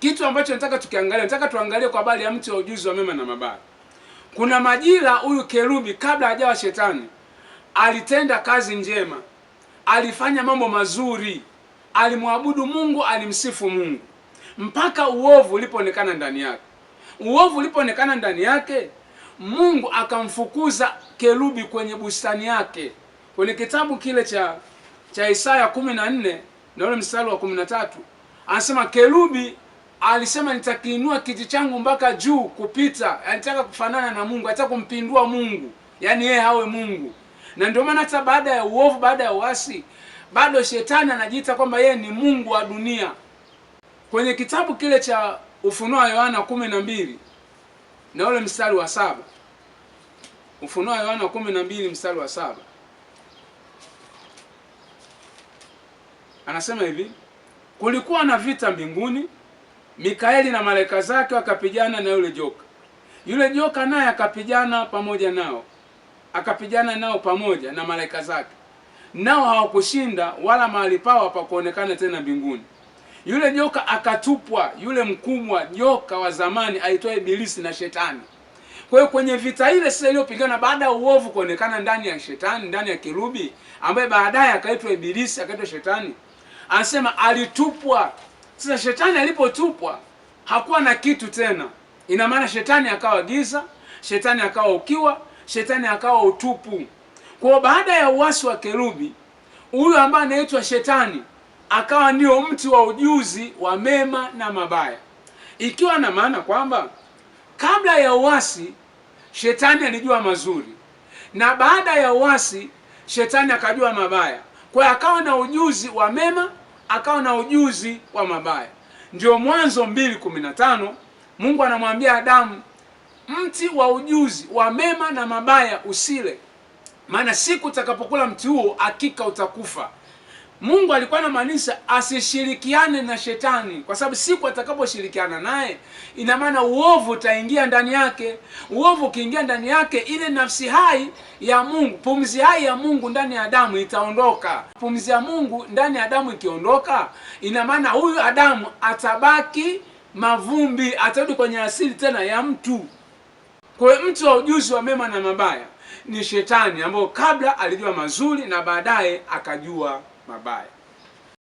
Kitu ambacho nataka tukiangalia, nataka tuangalie kwa habari ya mti wa ujuzi wa mema na mabaya. Kuna majira huyu kerubi kabla hajawa shetani alitenda kazi njema, alifanya mambo mazuri, alimwabudu Mungu, alimsifu Mungu mpaka uovu ulipoonekana ndani yake. Uovu ulipoonekana ndani yake, Mungu akamfukuza kerubi kwenye bustani yake. Kwenye kitabu kile cha cha Isaya 14 na ule mstari wa 13 anasema kerubi alisema nitakiinua kiti changu mpaka juu kupita, anataka kufanana na Mungu, anataka kumpindua Mungu, yaani yeye hawe Mungu. Na ndio maana hata baada ya uovu, baada ya uasi, bado shetani anajiita kwamba yeye ni mungu wa dunia. Kwenye kitabu kile cha Ufunuo wa Yohana kumi na mbili na ule mstari wa saba Ufunuo wa Yohana kumi na mbili mstari wa saba anasema hivi, kulikuwa na vita mbinguni Mikaeli na malaika zake wakapigana na yule joka. Yule joka naye akapigana pamoja nao, akapigana nao pamoja na malaika zake, nao hawakushinda, wala mahali pao hapakuonekana tena mbinguni. Yule joka akatupwa, yule mkubwa joka wa zamani aitwaye Ibilisi na Shetani. Kwa hiyo kwenye vita ile sasa iliyopigana baada ya uovu kuonekana ndani ya shetani, ndani ya kirubi ambaye baadaye akaitwa Ibilisi, akaitwa Shetani, anasema alitupwa sasa shetani alipotupwa hakuwa na kitu tena, ina maana shetani akawa giza, shetani akawa ukiwa, shetani akawa utupu. Kwa baada ya uasi wa kerubi, huyu ambaye anaitwa shetani akawa ndio mti wa ujuzi wa mema na mabaya, ikiwa na maana kwamba kabla ya uasi shetani alijua mazuri na baada ya uasi shetani akajua mabaya, kwa akawa na ujuzi wa mema akawa na ujuzi wa mabaya. Ndio Mwanzo mbili kumi na tano Mungu anamwambia Adamu, mti wa ujuzi wa mema na mabaya usile, maana siku utakapokula mti huo hakika utakufa. Mungu alikuwa anamaanisha asishirikiane na shetani, kwa sababu siku atakaposhirikiana naye, ina maana uovu utaingia ndani yake. Uovu ukiingia ndani yake, ile nafsi hai ya Mungu, pumzi hai ya Mungu ndani ya Adamu itaondoka. Pumzi ya Mungu ndani ya Adamu ikiondoka, ina maana huyu Adamu atabaki mavumbi, atarudi kwenye asili tena ya mtu. Kwa hiyo mtu wa ujuzi wa mema na mabaya ni shetani, ambayo kabla alijua mazuri na baadaye akajua my body.